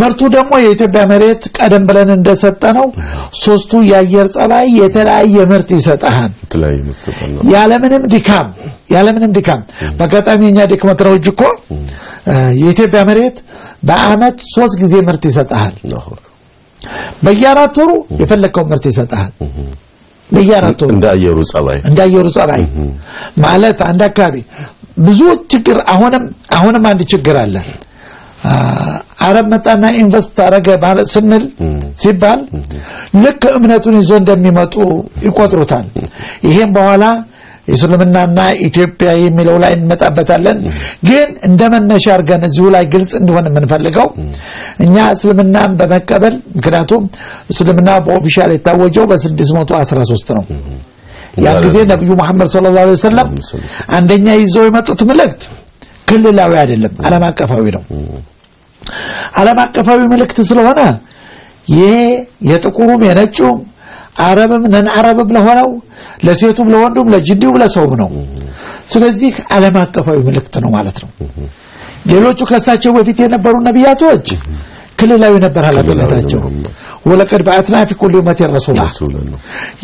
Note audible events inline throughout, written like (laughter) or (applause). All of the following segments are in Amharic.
ምርቱ ደግሞ የኢትዮጵያ መሬት ቀደም ብለን እንደሰጠ ነው። ሶስቱ የአየር ጸባይ የተለያየ ምርት ይሰጣሃል። ያለምንም ድካም ያለምንም ድካም በአጋጣሚ የኛ ድክመት ነው እጅ እኮ የኢትዮጵያ መሬት በአመት ሶስት ጊዜ ምርት ይሰጣሃል። በየአራት ወሩ የፈለከው ምርት ይሰጣሃል። በየአራት ወሩ እንዳየሩ ጸባይ እንዳየሩ ጸባይ ማለት አንድ አካባቢ ብዙ ችግር አሁንም አሁንም አንድ ችግር አለ። አረብ መጣና ኢንቨስት አረገ ማለት ስንል ሲባል ልክ እምነቱን ይዞ እንደሚመጡ ይቆጥሩታል። ይሄም በኋላ እስልምናና ኢትዮጵያ የሚለው ላይ እንመጣበታለን። ግን እንደ መነሻ አድርገን እዚሁ ላይ ግልጽ እንዲሆን የምንፈልገው እኛ እስልምናን በመቀበል ምክንያቱም እስልምና በኦፊሻል የታወጀው በ613 ነው። ያን ጊዜ ነብዩ መሐመድ ሰለላሁ ዐለይሂ ወሰለም አንደኛ ይዘው የመጡት መልእክት ክልላዊ አይደለም፣ ዓለም አቀፋዊ ነው። ዓለም አቀፋዊ መልእክት ስለሆነ ይሄ የጥቁሩም የነጩም አረብም ነን አረብም ለሆነው ለሴቱም ለወንዱም ለጅዲውም ለሰውም ነው። ስለዚህ ዓለም አቀፋዊ መልእክት ነው ማለት ነው። ሌሎቹ ከእሳቸው በፊት የነበሩ ነቢያቶች ክልላዊ ነበር ኃላፊነታቸው። ወለቀድ በዐትና ፊ ኩል ኡመቲን ረሱላ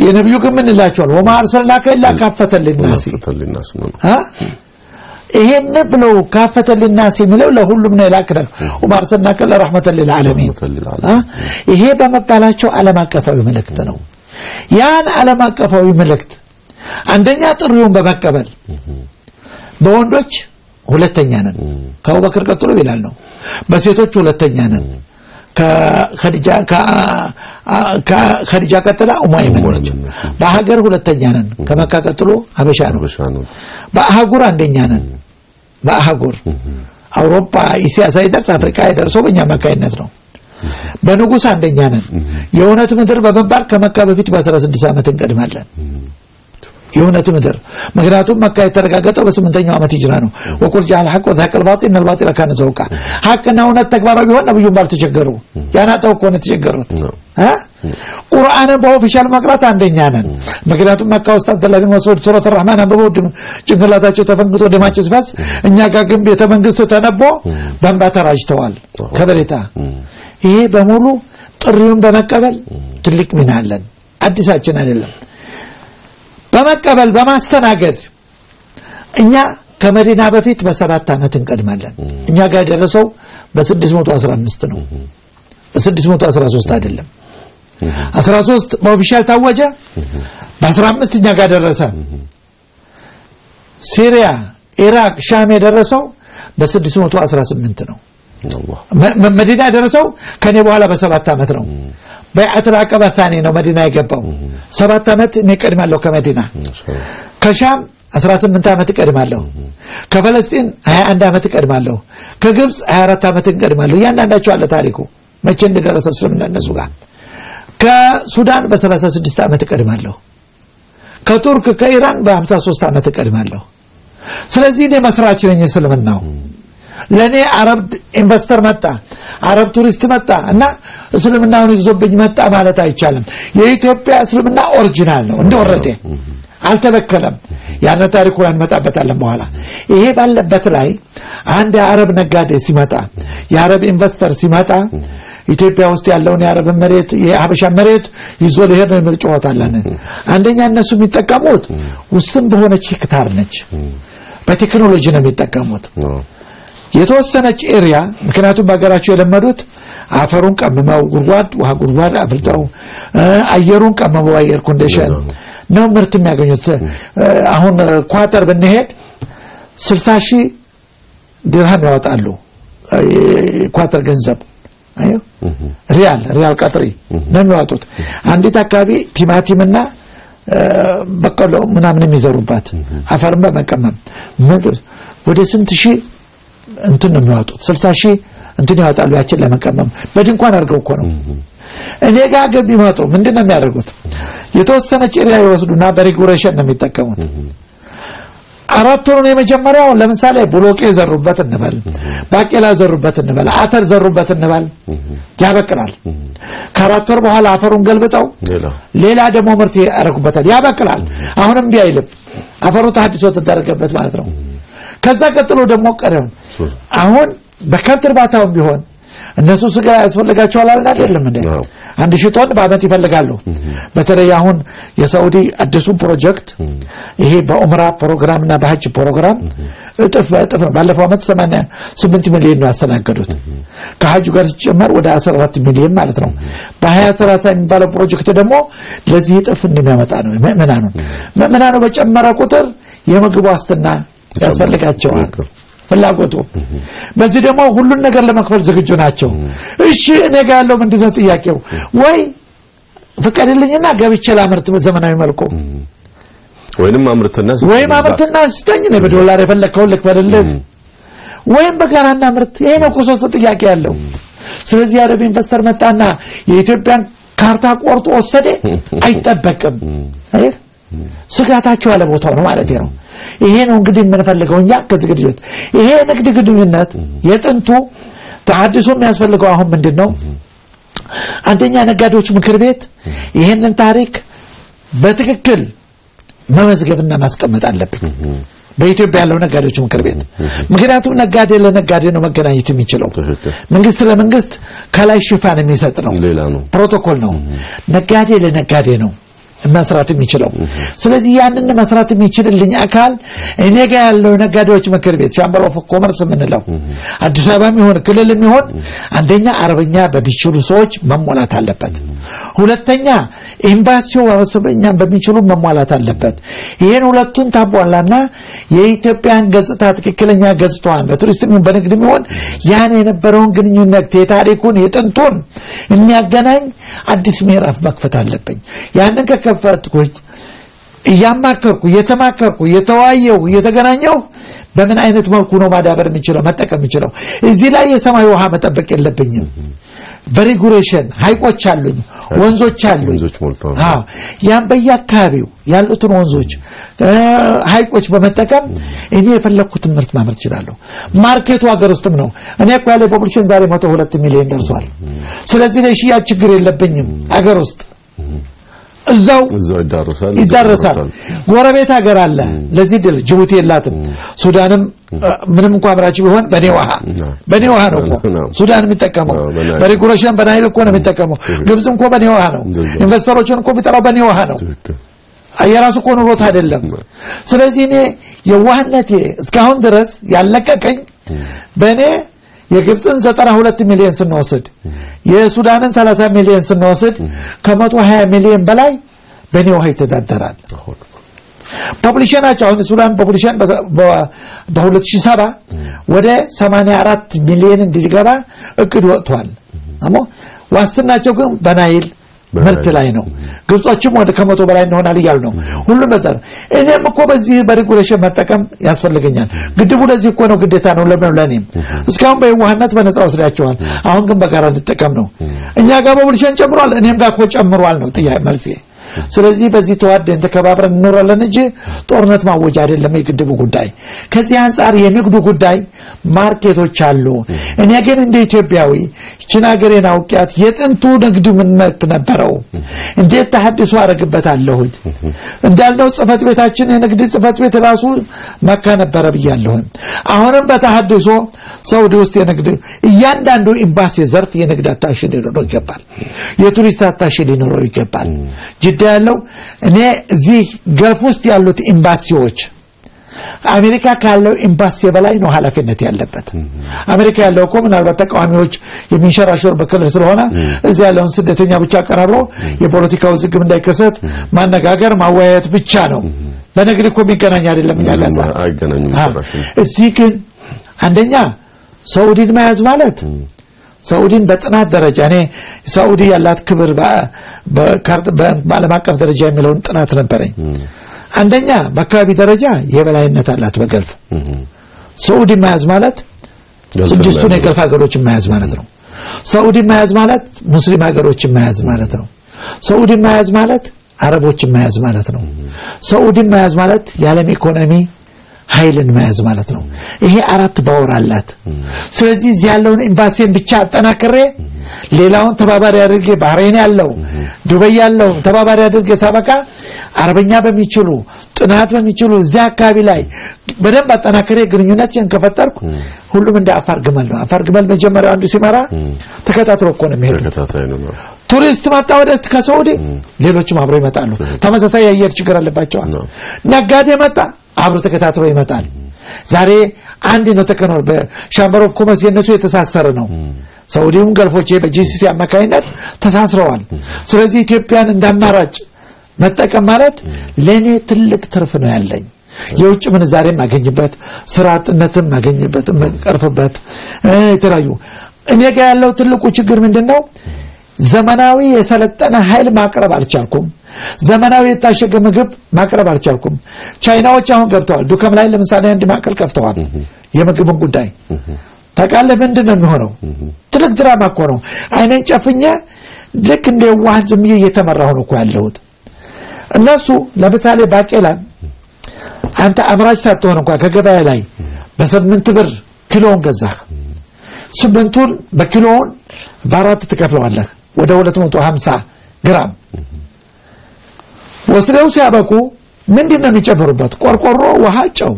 የነቢዩ ግን ምን ይላቸዋል? ወማ አርሰልናከ ኢላ ካፈተን ሊናሲ ይሄንን ነው ካፈተል ናስ የሚለው ለሁሉም ነው የላክነው ሰናከ ለረሕመተን ሊልዓለሚን ይሄ በመባላቸው ዓለም አቀፋዊ መልእክት ነው። ያን ዓለም አቀፋዊ መልእክት አንደኛ ጥሪውን በመቀበል በወንዶች ሁለተኛ ነን ከአቡበክር ቀጥሎ ይላል ነው። በሴቶች ሁለተኛ ነን ከኸዲጃ ቀጥላ ኡማ የመነች። በሀገር ሁለተኛ ነን ከመካ ቀጥሎ አበሻ ነው። በአህጉር አንደኛ ነን በአህጉር አውሮፓ እስያ ሳይደርስ አፍሪካ የደርሰው በእኛ አማካይነት ነው። በንጉስ አንደኛ ነን። የእውነት ምድር በመባል ከመካ በፊት በ16 ዓመት እንቀድማለን። የእውነት ምድር ምክንያቱም መካ የተረጋገጠው በስምንተኛው ዓመት ሂጅራ ነው ወቁል ጃል ሐቅ ወዛቀል ባጢል ነል ባጢል ካነ ዘውቃ ሐቅና እውነት ተግባራዊ ቢሆን ነብዩም ባልተቸገሩ ያናጠው እኮ ነው የተቸገሩት እ ቁርአንን በኦፊሻል መቅራት አንደኛ ነን። ምክንያቱም መካ ውስጥ አብደላህ ቢን መስዑድ ሱረት አርራህማን አንብበው ጭንቅላታቸው ተፈንግቶ ደማቸው ሲፈስ፣ እኛ ጋር ግን ቤተ መንግስት ተነቦ በንባ ተራጅተዋል ከበሬታ። ይሄ በሙሉ ጥሪውን በመቀበል ትልቅ ሚና አለን። አዲሳችን አይደለም። በመቀበል በማስተናገድ እኛ ከመዲና በፊት በሰባት ዓመት እንቀድማለን። እኛ ጋር የደረሰው በ615 ነው፣ በ613 አይደለም። 13 በኦፊሻል ታወጀ፣ በ15 እኛ ጋር ደረሰ። ሲሪያ፣ ኢራቅ፣ ሻም የደረሰው በ618 ነው። መዲና የደረሰው ከኔ በኋላ በሰባት አመት ነው። በአት አቀባ ነው መዲና የገባው። ሰባት ዓመት እኔ እቀድማለሁ ከመዲና። ከሻም 18 ዓመት እቀድማለሁ። ከፈለስጢን 21 አመት እቀድማለሁ። ከግብጽ 24 ዓመት እቀድማለሁ። እያንዳንዳቸው አለ ታሪኩ መቼ እንደደረሰ እስልምና እነሱ ጋር። ከሱዳን በ36 ዓመት እቀድማለሁ። ከቱርክ ከኢራን በ53 አመት እቀድማለሁ። ስለዚህ እኔ መስራች ነኝ እስልምናው ለኔ አረብ ኢንቨስተር መጣ፣ አረብ ቱሪስት መጣ እና እስልምናውን ይዞብኝ መጣ ማለት አይቻልም። የኢትዮጵያ እስልምና ኦሪጂናል ነው እንደወረደ አልተበከለም። ያነ ታሪኩ እንመጣበታለን በኋላ። ይሄ ባለበት ላይ አንድ የአረብ ነጋዴ ሲመጣ፣ የአረብ ኢንቨስተር ሲመጣ ኢትዮጵያ ውስጥ ያለውን የአረብ መሬት የሀበሻ መሬት ይዞ ለሄድ ነው የሚል አንደኛ እነሱ የሚጠቀሙት ውስን በሆነች ሄክታር ነች። በቴክኖሎጂ ነው የሚጠቀሙት። የተወሰነች ኤሪያ ምክንያቱም በሀገራቸው የለመዱት አፈሩን ቀምመው ጉድጓድ ውሃ ጉድጓድ አፍልጠው አየሩን ቀምመው አየር ኮንዲሽን ነው ምርት የሚያገኙት። አሁን ኳተር ብንሄድ ስልሳ ሺህ ድርሃም ያወጣሉ ኳተር ገንዘብ ሪያል ሪያል ቀጥሪ ነው የሚያወጡት። አንዲት አካባቢ ቲማቲምና በቀሎ ምናምን የሚዘሩባት አፈርን በመቀመም ወደ ስንት ሺህ እንትን ነው የሚያወጡት 60 ሺህ እንትን ያወጣሉ ያችን ለመቀመም በድንኳን አድርገው እኮ ነው እኔ ጋር ግን ቢመጡ ምንድን ነው የሚያደርጉት የተወሰነ ጭሪያ ይወስዱና በሪጉሬሽን ነው የሚጠቀሙት አራት ወሩን የመጀመሪያው ለምሳሌ ብሎቄ ዘሩበት እንበል ባቄላ ዘሩበት እንበል አተር ዘሩበት እንበል ያበቅላል ከአራት ወር በኋላ አፈሩን ገልብጠው ሌላ ደግሞ ምርት ያረኩበታል ያበቅላል አሁንም ቢያይልም አፈሩ ተሐድሶ ተደረገበት ማለት ነው ከዛ ቀጥሎ ደግሞ ቀደም አሁን በከብት እርባታውም ቢሆን እነሱ ስጋ ያስፈልጋቸዋል አልን አይደለም እንዴ? አንድ ሺህ ቶን በአመት ይፈልጋሉ። በተለይ አሁን የሳውዲ አዲሱን ፕሮጀክት ይሄ በኡምራ ፕሮግራም እና በሀጅ ፕሮግራም እጥፍ በእጥፍ ነው። ባለፈው አመት 88 ሚሊዮን ነው ያስተናገዱት። ከሀጁ ጋር ሲጨመር ወደ 14 ሚሊዮን ማለት ነው። በ2030 የሚባለው ፕሮጀክት ደግሞ ለዚህ እጥፍ እንደሚያመጣ ነው። ምእመናኑን ምእመናኑ በጨመረ ቁጥር የምግብ ዋስትና ያስፈልጋቸዋል። ፍላጎቱ በዚህ ደግሞ ሁሉን ነገር ለመክፈል ዝግጁ ናቸው። እሺ እኔ ጋር ያለው ምንድነው ጥያቄው? ወይ ፍቀድልኝና ገብቼ ላምርት በዘመናዊ መልኩ ወይንም አምርትና ወይም አምርትና ስጠኝ ነው በዶላር የፈለከውን ልክፈልልህ፣ ወይም በጋራና ምርት። ይሄ ነው እኮ ጥያቄ ያለው። ስለዚህ አረብ ኢንቨስተር መጣና የኢትዮጵያን ካርታ ቆርጦ ወሰደ (laughs) አይጠበቅም። ስጋታቸው ቦታው ነው ማለት ነው። ይሄ ነው እንግዲህ የምንፈልገው እኛ ከዝግጅት ይሄ ንግድ ግንኙነት የጥንቱ ተሐድሶ የሚያስፈልገው አሁን ምንድን ነው አንደኛ ነጋዴዎች ምክር ቤት ይህንን ታሪክ በትክክል መመዝገብና ማስቀመጥ አለብን በኢትዮጵያ ያለው ነጋዴዎች ምክር ቤት ምክንያቱም ነጋዴ ለነጋዴ ነው መገናኘት የሚችለው መንግስት ለመንግስት ከላይ ሽፋን የሚሰጥ ነው ፕሮቶኮል ነው ነጋዴ ለነጋዴ ነው መስራት የሚችለው። ስለዚህ ያንን መስራት የሚችልልኝ አካል እኔ ጋር ያለው ነጋዴዎች ምክር ቤት ቻምበር ኦፍ ኮመርስ የምንለው አዲስ አበባ የሚሆን ክልል የሚሆን አንደኛ አርበኛ በሚችሉ ሰዎች መሞላት አለበት። ሁለተኛ ኤምባሲው በስበኛም በሚችሉ መሟላት አለበት። ይሄን ሁለቱን ታቧላና የኢትዮጵያን ገጽታ ትክክለኛ ገጽታዋን በቱሪስትም በንግድ የሚሆን ያን የነበረውን ግንኙነት የታሪኩን የጥንቱን የሚያገናኝ አዲስ ምዕራፍ መክፈት አለብኝ። ያንን ከከፈትኩኝ እያማከርኩ እየተማከርኩ እየተዋየው እየተገናኘው በምን አይነት መልኩ ነው ማዳበር የሚችለው መጠቀም የሚችለው እዚህ ላይ የሰማይ ውሃ መጠበቅ የለብኝም። በሬጉሌሽን ሀይቆች አሉኝ፣ ወንዞች አሉኝ። አዎ ያን በየአካባቢው ያሉትን ወንዞች ሀይቆች በመጠቀም እኔ የፈለግኩትን ምርት ማምረት እችላለሁ። ማርኬቱ ሀገር ውስጥም ነው። እኔ እኮ ያለ ፖፑሌሽን ዛሬ 102 ሚሊዮን ደርሷል። ስለዚህ ለሽያጭ ችግር የለብኝም ሀገር ውስጥ እዛው ይዳረሳል ይዳረሳል። ጎረቤት ሀገር አለ። ለዚህ ድል ጅቡቲ የላትም፣ ሱዳንም ምንም እንኳ አምራች ቢሆን በኔ ውሃ በኔ ውሃ ነው ሱዳን የሚጠቀመው፣ በሪጉሬሽን በናይል እኮ ነው የሚጠቀመው። ግብጽ እኮ በኔ ውሃ ነው፣ ኢንቨስተሮችን እኮ የሚጠራው በኔ ውሃ ነው። የራሱ እኮ ኑሮት አይደለም። ስለዚህ እኔ የዋህነቴ እስካሁን ድረስ ያለቀቀኝ በእኔ የግብፅን 92 ሚሊዮን ስንወስድ የሱዳንን 30 ሚሊዮን ስንወስድ ከ120 ሚሊዮን በላይ በኔ ውሃ ይተዳደራል። ፖፑሌሽናቸው አሁን ሱዳን ፖፑሌሽን በ2007 ወደ 84 ሚሊዮን እንዲገባ እቅድ ወጥቷል። ዋስትናቸው ግን በናይል ምርት ላይ ነው። ግብጾችም ወደ ከመቶ በላይ እንሆናል እያሉ ነው። ሁሉም በዛ እኔም እኮ በዚህ በሬጉሌሽን መጠቀም ያስፈልገኛል። ግድቡ ለዚህ እኮ ነው፣ ግዴታ ነው። ለምን ለኔም እስካሁን በየዋህነት በነጻ ወስዳቸዋል። አሁን ግን በጋራ እንድጠቀም ነው። እኛ ጋር በቡልሽን ጨምሯል፣ እኔም ጋር እኮ ጨምሯል ነው ጥያቄ መልሴ ስለዚህ በዚህ ተዋደን ተከባብረን እንኖራለን እንጂ ጦርነት ማወጅ አይደለም የግድቡ ጉዳይ። ከዚህ አንጻር የንግዱ ጉዳይ ማርኬቶች አሉ። እኔ ግን እንደ ኢትዮጵያዊ ይችን ሀገሬን አውቂያት የጥንቱ ንግድ ምን መልክ ነበረው? እንዴት ተሐድሶ አደርግበታለሁኝ? እንዳልነው ጽህፈት ቤታችን የንግድ ጽህፈት ቤት ራሱ መካ ነበረ ብያለሁኝ። አሁንም በተሐድሶ ሳውዲ ውስጥ የንግድ እያንዳንዱ ኤምባሲ ዘርፍ የንግድ አታሽ ሊኖረው ይገባል። የቱሪስት አታሽ ሊኖረው ይገባል። ጅዳ ያለው እኔ እዚህ ገልፍ ውስጥ ያሉት ኤምባሲዎች አሜሪካ ካለው ኤምባሲ በላይ ነው ኃላፊነት ያለበት። አሜሪካ ያለው እኮ ምናልባት ተቃዋሚዎች የሚንሸራሸር በክልል ስለሆነ እዚያ ያለውን ስደተኛ ብቻ አቀራብሮ የፖለቲካው ውዝግብ እንዳይከሰት ማነጋገር ማወያየት ብቻ ነው። ለንግድ እኮ የሚገናኝ አይደለም። እኛ እዚህ ግን አንደኛ ሰውዲን መያዝ ማለት ሳኡዲን በጥናት ደረጃ እኔ ሳኡዲ ያላት ክብር በዓለም አቀፍ ደረጃ የሚለውን ጥናት ነበረኝ። አንደኛ በአካባቢ ደረጃ የበላይነት አላት በገልፍ ሳኡዲ መያዝ ማለት ስድስቱን የገልፍ ሀገሮችን መያዝ ማለት ነው። ሳኡዲ መያዝ ማለት ሙስሊም ሀገሮችን መያዝ ማለት ነው። ሳኡዲ መያዝ ማለት አረቦችን መያዝ ማለት ነው። ሳኡዲ መያዝ ማለት የዓለም ኢኮኖሚ ኃይልን መያዝ ማለት ነው። ይሄ አራት ባወር አላት። ስለዚህ እዚህ ያለውን ኤምባሲን ብቻ አጠናክሬ ሌላውን ተባባሪ አድርጌ ባህሬን ያለው ዱበይ ያለው ተባባሪ አድርጌ ሳበቃ አርበኛ በሚችሉ ጥናት በሚችሉ እዚያ አካባቢ ላይ በደንብ አጠናክሬ ግንኙነት ከፈጠርኩ ሁሉም እንደ አፋር ግመል ነው። አፋር ግመል መጀመሪያው አንዱ ሲመራ ተከታትሎ እኮ ነው የሚሄዱት። ቱሪስት መጣ ወደ ከሰዑዲ ሌሎችም አብረው ይመጣሉ። ተመሳሳይ የአየር ችግር አለባቸዋል። ነጋዴ መጣ አብሮ ተከታትሎ ይመጣል። ዛሬ አንድ ነው ተከኖር በሻምበር ኦፍ ኮመርስ የነሱ የተሳሰረ ነው። ሳውዲውም ገልፎቼ በጂሲሲ አማካይነት ተሳስረዋል። ስለዚህ ኢትዮጵያን እንዳማራጭ መጠቀም ማለት ለኔ ትልቅ ትርፍ ነው ያለኝ የውጭ ምንዛሬም ማገኝበት፣ ስራ አጥነትም ማገኝበት፣ መቀርፍበት የተለያዩ እኔ ጋር ያለው ትልቁ ችግር ምንድነው? ዘመናዊ የሰለጠነ ኃይል ማቅረብ አልቻልኩም። ዘመናዊ የታሸገ ምግብ ማቅረብ አልቻልኩም። ቻይናዎች አሁን ገብተዋል። ዱከም ላይ ለምሳሌ አንድ ማዕከል ከፍተዋል። የምግብን ጉዳይ ታውቃለህ። ምንድን ነው የሚሆነው? ትልቅ ድራማ እኮ ነው። አይነን ጨፍኜ ልክ እንደ ዋህን ዝምዬ እየተመራ ነው እኮ ያለሁት። እነሱ ለምሳሌ ባቄላን አንተ አምራች ሳትሆን እንኳ ከገበያ ላይ በስምንት ብር ኪሎውን ገዛህ። ስምንቱን በኪሎውን በአራት ትከፍለዋለህ ወደ 250 ግራም ወስደው ሲያበቁ ምንድን ነው የሚጨምሩበት? ቆርቆሮ፣ ውሃ፣ ጨው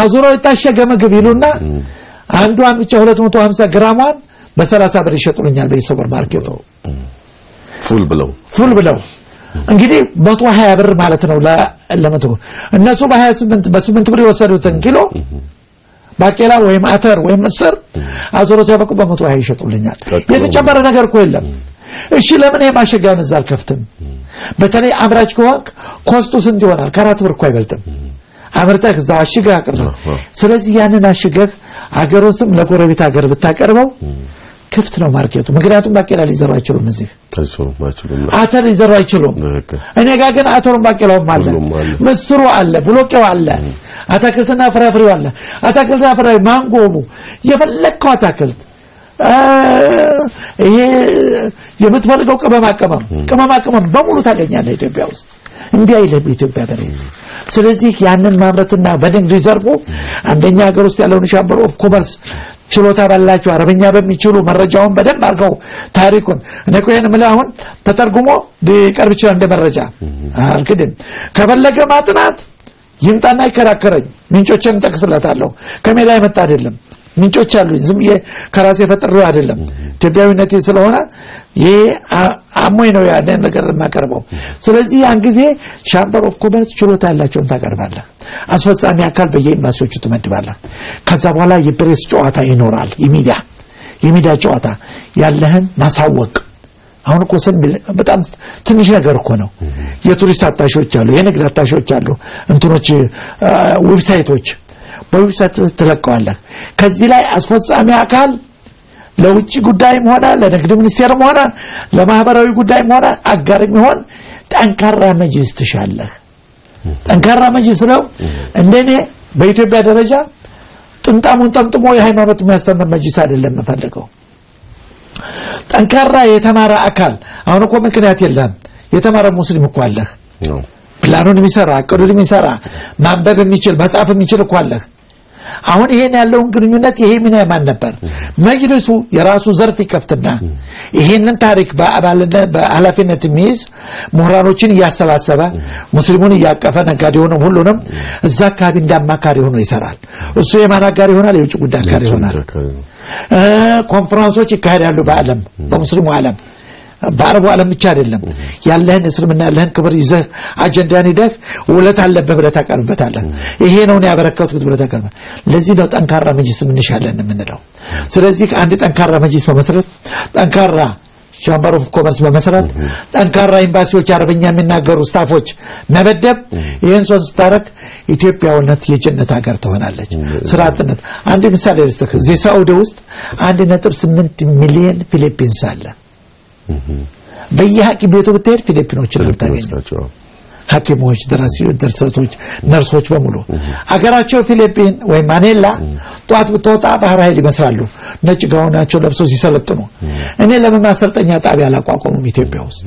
አዙረው የታሸገ ምግብ ይሉና አንዷን ብቻ 250 ግራሟን በ30 ብር ይሸጡልኛል በሱፐር ማርኬቱ ፉል ብለው ፉል ብለው እንግዲህ 20 ብር ማለት ነው ለመቶ እነሱ በ28 በ8 ብር የወሰዱትን ኪሎ ባቄላ ወይም አተር ወይም ምስር አዙረው ሲያበቁ በ120 ይሸጡልኛል። የተጨመረ ነገር እኮ የለም። እሺ ለምን የማሸጊያ ወንዝ አልከፍትም? በተለይ አምራች ከሆንክ ኮስቱ ስንት ይሆናል? ከአራት ብር እኮ አይበልጥም። አምርተህ እዛው አሽገህ አቅርበው። ስለዚህ ያንን አሽገህ አገር ውስጥም ለጎረቤት አገር ብታቀርበው ክፍት ነው ማርኬቱ። ምክንያቱም ባቄላ ሊዘሩ አይችሉም፣ እዚህ አተር ሊዘሩ አይችሉም። እኔ ጋር ግን አተሩን ባቄላውም አለ፣ ምስሩ አለ፣ ብሎቄው አለ፣ አታክልትና ፍራፍሬው አለ። አታክልትና ፍራፍሬ ማንጎሙ የፈለግከው አታክልት ይሄ የምትፈልገው ቅመማ ቅመም ቅመማ ቅመም በሙሉ ታገኛለህ ኢትዮጵያ ውስጥ እንዲህ አይልም ኢትዮጵያ ገ ስለዚህ ያንን ማምረትና በንግድ ዘርፉ አንደኛ ሀገር ውስጥ ያለውን ሻምበር ኦፍ ኮመርስ ችሎታ ባላቸው አረበኛ በሚችሉ መረጃውን በደንብ አርገው ታሪኩን እኔ እኮ ይሄን አሁን ተተርጉሞ ሊቀርብ ይችላል እንደ መረጃ ከፈለገ ማጥናት ይምጣና ይከራከረኝ ምንጮችን ጠቅስለታለሁ ከሜላ የመጣ አይደለም ምንጮች አሉኝ። ዝም ብዬ ከራሴ ፈጥሮ አይደለም ኢትዮጵያዊነቴ ስለሆነ ይሄ አሞኝ ነው ያንን ነገር የማቀርበው። ስለዚህ ያን ጊዜ ሻምበር ኦፍ ኮመርስ ችሎታ ያላቸውን ታቀርባለህ። አስፈጻሚ አካል በየኤምባሲዎቹ ትመድባለህ። ከዛ በኋላ የፕሬስ ጨዋታ ይኖራል። የሚዲያ የሚዲያ ጨዋታ ያለህን ማሳወቅ አሁን እኮ ስን በጣም ትንሽ ነገር እኮ ነው። የቱሪስት አታሾች አሉ፣ የንግድ አታሾች አሉ፣ እንትኖች ዌብሳይቶች በዌብሳይት ትለቀዋለህ። ከዚህ ላይ አስፈጻሚ አካል ለውጭ ጉዳይም ሆነ ለንግድ ሚኒስቴርም ሆነ ለማህበራዊ ጉዳይም ሆነ አጋር የሚሆን ጠንካራ መጅልስ ትሻለህ። ጠንካራ መጅልስ ነው። እንደኔ በኢትዮጵያ ደረጃ ጥምጣሙን ጠምጥሞ የሃይማኖት የሚያስተምር መጅልስ አይደለም የምፈልገው። ጠንካራ የተማረ አካል አሁን እኮ ምክንያት የለም። የተማረ ሙስሊም እኮ አለህ። ፕላኑን የሚሰራ እቅዱን የሚሰራ ማንበብ የሚችል መጻፍ የሚችል እኮ አለህ። አሁን ይሄን ያለውን ግንኙነት ይሄ ምን የማን ነበር? መጅልሱ የራሱ ዘርፍ ይከፍትና ይሄንን ታሪክ በኃላፊነት የሚይዝ ምሁራኖችን እያሰባሰበ ሙስሊሙን እያቀፈ ነጋዴ ሆኖም ሁሉንም እዛ አካባቢ እንዳማካሪ ሆኖ ይሰራል። እሱ የማን አጋር ይሆናል? የውጭ ጉዳይ አጋር ይሆናል። ኮንፈረንሶች ይካሄዳሉ በአለም በሙስሊሙ ዓለም በአረቡ ዓለም ብቻ አይደለም ያለህን እስልምና ያለህን ክብር ይዘህ አጀንዳን ይደፍ ውለት አለብህ ብለህ ታቀርብበታለህ። ይሄ ነው ነው ያበረከትኩት ብለህ ታቀርብበታለህ። ለዚህ ነው ጠንካራ መጅልስ እንሻለን የምንለው። ስለዚህ አንድ ጠንካራ መጅስ በመስረት ጠንካራ ቻምበር ኦፍ ኮመርስ በመስራት ጠንካራ ኤምባሲዎች አረበኛ የሚናገሩ ስታፎች መመደብ ይህን ሶን ስታረግ ኢትዮጵያውነት የጀነት ሀገር ትሆናለች። ስራ አንድ ምሳሌ ልስጥህ። እዚህ ሳዑዲ ውስጥ አንድ ነጥብ ስምንት ሚሊዮን ፊሊፒንስ አለ። በየሐኪም ቤቱ ብትሄድ ፊሊፒኖችን የምታገኘው ሐኪሞች፣ ደርሰቶች፣ ነርሶች በሙሉ አገራቸው ፊሊፒን ወይም ማኔላ ጠዋት ብትወጣ ባህር ኃይል ይመስላሉ። ነጭ ጋውናቸው ለብሰው ሲሰለጥኑ እኔ ለምን ማሰልጠኛ ጣቢያ አላቋቋሙም? ኢትዮጵያ ውስጥ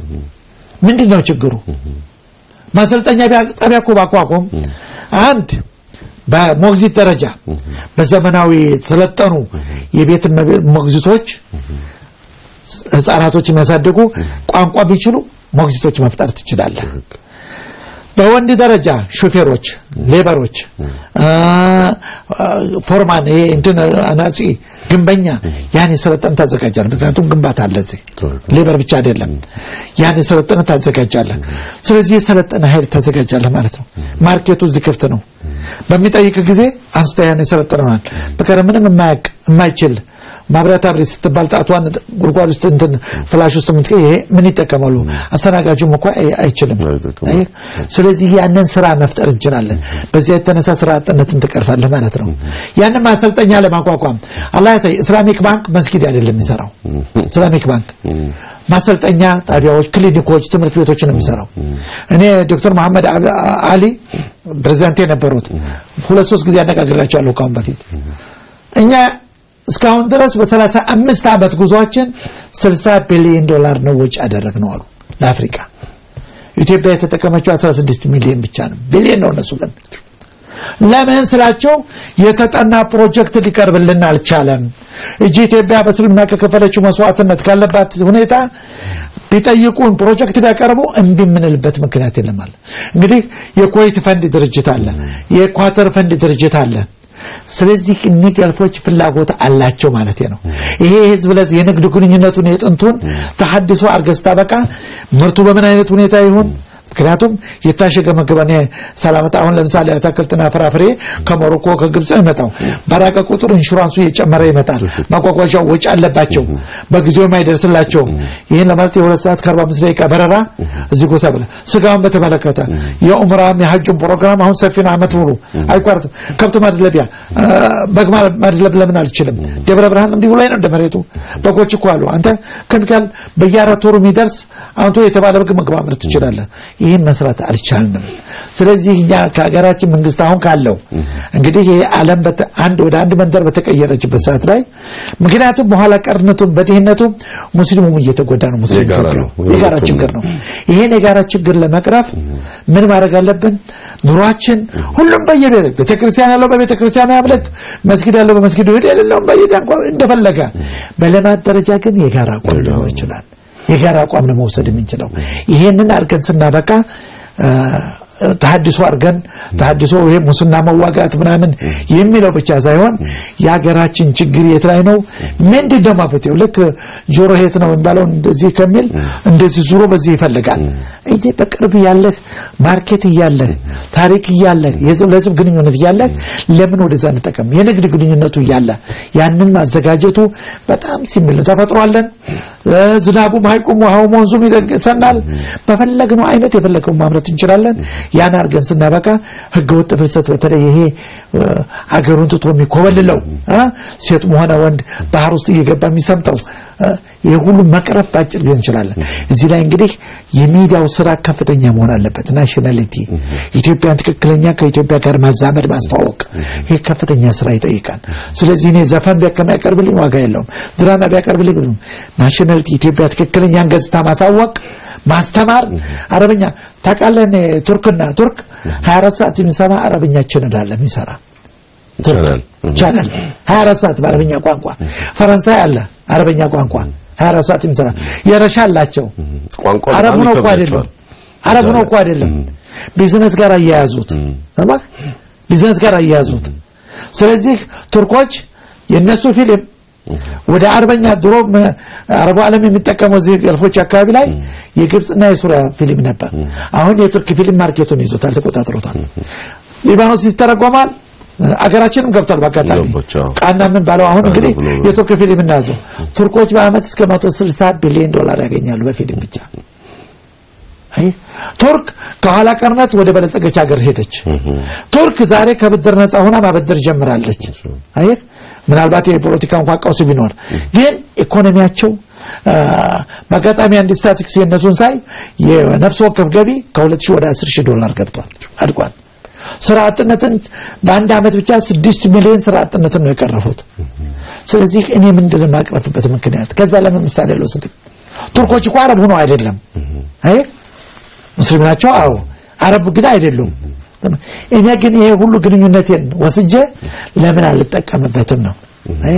ምንድን ነው ችግሩ? ማሰልጠኛ ጣቢያ እኮ ባቋቋም አንድ በሞግዚት ደረጃ በዘመናዊ ሰለጠኑ የቤት ሞግዚቶች ህፃናቶችን ያሳደጉ ቋንቋ ቢችሉ ሞግዚቶች መፍጠር ትችላለህ። በወንድ ደረጃ ሹፌሮች፣ ሌበሮች፣ ፎርማን፣ ይሄ እንትን አናጺ፣ ግንበኛ ያን የሰለጠነ ታዘጋጃለህ። ምክንያቱም ግንባታ አለ ሌበር ብቻ አይደለም። ያን የሰለጠነ ታዘጋጃለህ። ስለዚህ የሰለጠነ ኃይል ታዘጋጃለህ ማለት ነው። ማርኬቱ እዚህ ክፍት ነው። በሚጠይቅ ጊዜ አንስተ ያን የሰለጠነዋል። በቀረ ምንም የማያቅ የማይችል ማብሪያ ታብሌት ስትባል ጣቷን ጉድጓድ ውስጥ እንትን ፍላሽ ውስጥ ምንት ይሄ ምን ይጠቀማሉ? አስተናጋጁም እኮ አይችልም። ስለዚህ ያንን ስራ መፍጠር እንችላለን። በዚያ የተነሳ ስራ አጥነትን ትቀርፋለህ ማለት ነው። ያንን ማሰልጠኛ ለማቋቋም አላህ ያሳይ። እስላሚክ ባንክ መስጊድ አይደለም የሚሰራው። እስላሚክ ባንክ ማሰልጠኛ ጣቢያዎች፣ ክሊኒኮች፣ ትምህርት ቤቶች ነው የሚሰራው። እኔ ዶክተር መሐመድ አሊ ፕሬዚዳንት የነበሩት ሁለት ሶስት ጊዜ አነጋግራቸዋለሁ ካሁን በፊት እኛ እስካሁን ድረስ በሰላሳ አምስት ዓመት ጉዟችን 60 ቢሊዮን ዶላር ነው ወጪ ያደረግነው አሉ ለአፍሪካ። ኢትዮጵያ የተጠቀመችው 16 ሚሊዮን ብቻ ነው ቢሊዮን ነው እነሱ ግን ለምን ስላቸው የተጠና ፕሮጀክት ሊቀርብልን አልቻለም እጂ ኢትዮጵያ በስልምና ከከፈለችው መስዋዕትነት ካለባት ሁኔታ ቢጠይቁን ፕሮጀክት ቢያቀርቡ እምቢ ምክንያት የለም አለ። እንግዲህ የኮይት ፈንድ ድርጅት አለ፣ የኳተር ፈንድ ድርጅት አለ ስለዚህ እኒህ ገልፎች ፍላጎት አላቸው ማለት ነው። ይሄ ህዝብ ለዚህ የንግድ ግንኙነቱን የጥንቱን ተሐድሶ አርገስታ በቃ ምርቱ በምን አይነት ሁኔታ ይሁን ምክንያቱም የታሸገ ምግብ እኔ ሰላምታ አሁን ለምሳሌ አትክልትና ፍራፍሬ ከሞሮኮ ከግብጽ ይመጣው የመጣው። በራቀ ቁጥር ኢንሹራንሱ እየጨመረ ይመጣል። ማጓጓዣው ወጪ አለባቸው፣ በጊዜው አይደርስላቸውም። ይህን ለማለት የሁለት ሰዓት ከአርባ አምስት ደቂቃ በረራ እዚህ ጎሳ ብለ ስጋውን በተመለከተ የኡምራም የሀጁም ፕሮግራም አሁን ሰፊ ነው። አመት ሙሉ አይቋረጥም። ከብት ማድለቢያ በግማ ማድለብ ለምን አልችልም? ደብረ ብርሃን እንዲሁ ላይ ነው እንደመሬቱ በጎች እኮ አሉ። አንተ ክንካል በየአራት ወሩ የሚደርስ አንቶ የተባለ በግ መግባምር ትችላለህ። ይህን መስራት አልቻልንም። ስለዚህ እኛ ከሀገራችን መንግስት አሁን ካለው እንግዲህ ይሄ ዓለም አንድ ወደ አንድ መንደር በተቀየረችበት ሰዓት ላይ ምክንያቱም በኋላ ቀርነቱም በድህነቱ ሙስሊሙም እየተጎዳ ነው። ሙስሊም የጋራ ችግር ነው። ይሄን የጋራ ችግር ለመቅረፍ ምን ማድረግ አለብን? ኑሯችን ሁሉም በየቤ ቤተክርስቲያን ያለው በቤተክርስቲያን ያምልክ፣ መስጊድ ያለው በመስጊዱ ይሄድ ያለው በየዳንኳ እንደፈለገ። በልማት ደረጃ ግን የጋራ ቆልሎ ይችላል። የጋራ አቋም ለመውሰድ የምንችለው ይሄንን አድርገን ስናበቃ ተሐድሶ አድርገን ተሐድሶ ይሄ ሙስና መዋጋት ምናምን የሚለው ብቻ ሳይሆን የሀገራችን ችግር የት ላይ ነው? ምንድን ነው መፍትሄው? ልክ ጆሮ የት ነው የሚባለው እንደዚህ ከሚል እንደዚህ ዙሮ በዚህ ይፈልጋል። እዚህ በቅርብ ያለህ ማርኬት እያለህ ታሪክ እያለህ ለህዝብ ግንኙነት እያለ ለምን ወደዛ እንጠቀም? የንግድ ግንኙነቱ እያለ ያንን ማዘጋጀቱ በጣም ሲሚል ነው። ተፈጥሯለን። ዝናቡም፣ ሀይቁም ውሃውም፣ ወንዙም ይደግሰናል። በፈለግነው አይነት የፈለገውን ማምረት እንችላለን። ያን አድርገን ስናበቃ ህገወጥ ፍልሰት፣ በተለይ ይሄ አገሩን ትቶ የሚኮበልለው ሴቱም ሆነ ወንድ ባህር ውስጥ እየገባ የሚሰምጠው ይሄ ሁሉ መቅረፍ ባጭር ጊዜ እንችላለን። እዚህ ላይ እንግዲህ የሚዲያው ስራ ከፍተኛ መሆን አለበት። ናሽናሊቲ ኢትዮጵያን ትክክለኛ ከኢትዮጵያ ጋር ማዛመድ ማስተዋወቅ፣ ይሄ ከፍተኛ ስራ ይጠይቃል። ስለዚህ እኔ ዘፈን ቢያቀርብልኝ ዋጋ የለውም፣ ድራማ ቢያቀርብልኝ ናሽናሊቲ ኢትዮጵያ ትክክለኛን ገጽታ ማሳወቅ ማስተማር አረብኛ ታውቃለህ። ቱርክና ቱርክ 24 ሰዓት የሚሰማ አረብኛችን እንዳለ የሚሰራ ይቻላል። ሀያ አራት ሰዓት በአረበኛ ቋንቋ ፈረንሳይ አለ አረበኛ ቋንቋ ሀያ ሰዓት ይምሰራ የረሻ አላቸው። አረብ ነው እኮ አይደለም አረብ ነው እኮ አይደለም። ቢዝነስ ጋር አያያዙት ሰማ ቢዝነስ ጋር አያያዙት። ስለዚህ ቱርኮች የነሱ ፊልም ወደ አርበኛ ድሮ አረቡ ዓለም የሚጠቀመው እዚህ ገልፎች አካባቢ ላይ የግብፅና የሱሪያ ፊልም ነበር። አሁን የቱርክ ፊልም ማርኬቱን ይዞታል፣ ተቆጣጥሮታል። ሊባኖስ ይተረጎማል። አገራችንም ገብቷል። በአጋጣሚ ቃና ምን ባለው አሁን እንግዲህ የቱርክ ፊልም እናያዘው። ቱርኮች በአመት እስከ 160 ቢሊዮን ዶላር ያገኛሉ በፊልም ብቻ። አይ ቱርክ ከኋላ ቀርነት ወደ በለጸገች ሀገር ሄደች። ቱርክ ዛሬ ከብድር ነፃ ሆና ማበደር ጀምራለች። አይ ምናልባት የፖለቲካ እንኳን ቀውስ ቢኖር ግን ኢኮኖሚያቸው በአጋጣሚ አንድ ስታቲክስ የነሱን ሳይ የነፍስ ወከፍ ገቢ ከ2000 ወደ 10000 ዶላር ገብቷል አድጓል። ስራ አጥነትን በአንድ አመት ብቻ ስድስት ሚሊዮን ስራ አጥነትን ነው የቀረፉት። ስለዚህ እኔ ምንድን ማቅረፍበት ምክንያት ከዛ ለምን ምሳሌ አልወስድም? ቱርኮች እኮ አረብ ሆነው አይደለም። አይ ሙስሊም ናቸው። አዎ አረብ ግን አይደሉም። እኔ ግን ይሄ ሁሉ ግንኙነቴን ወስጄ ለምን አልጠቀምበትም ነው። አይ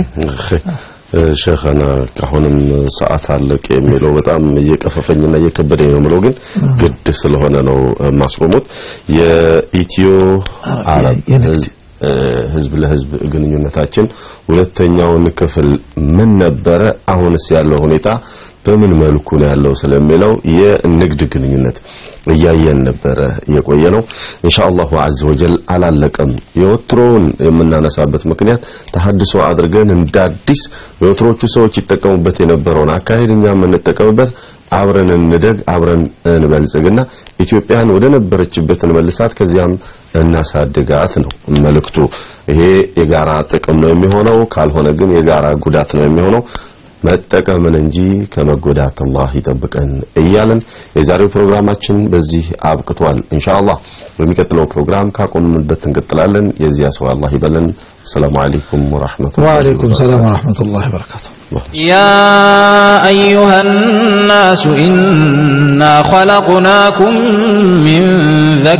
ሸኸና አሁንም ሰዓት አለቅ የሚለው በጣም እየቀፈፈኝና እየከበደኝ ነው ምለው፣ ግን ግድ ስለሆነ ነው ማስቆሙት። የኢትዮ አረብ ህዝብ ለህዝብ ግንኙነታችን ሁለተኛውን ክፍል ምን ነበረ፣ አሁንስ ያለው ሁኔታ በምን መልኩ ነው ያለው ስለሚለው የንግድ ግንኙነት እያየን ነበረ የቆየ ነው። ኢንሻአላሁ አዘ ወጀል አላለቀም። የወትሮውን የምናነሳበት ምክንያት ተሐድሶ አድርገን እንደ አዲስ የወትሮቹ ሰዎች ይጠቀሙበት የነበረውን አካሄድ እኛም የምንጠቀምበት አብረን እንደግ፣ አብረን እንበልጽግና ኢትዮጵያን ወደ ነበረችበት እንመልሳት፣ ከዚያም እናሳድጋት ነው መልእክቱ። ይሄ የጋራ ጥቅም ነው የሚሆነው፣ ካልሆነ ግን የጋራ ጉዳት ነው የሚሆነው። متكامن انجي كما الله يطبقن ايالن يزاريو برنامجاتن بزي ابقطوال ان شاء الله وميقتلو برنامج كاكون مدت نقتلالن يزي اسوا الله يبلن السلام عليكم ورحمه الله وعليكم يا ايها الناس انا خلقناكم من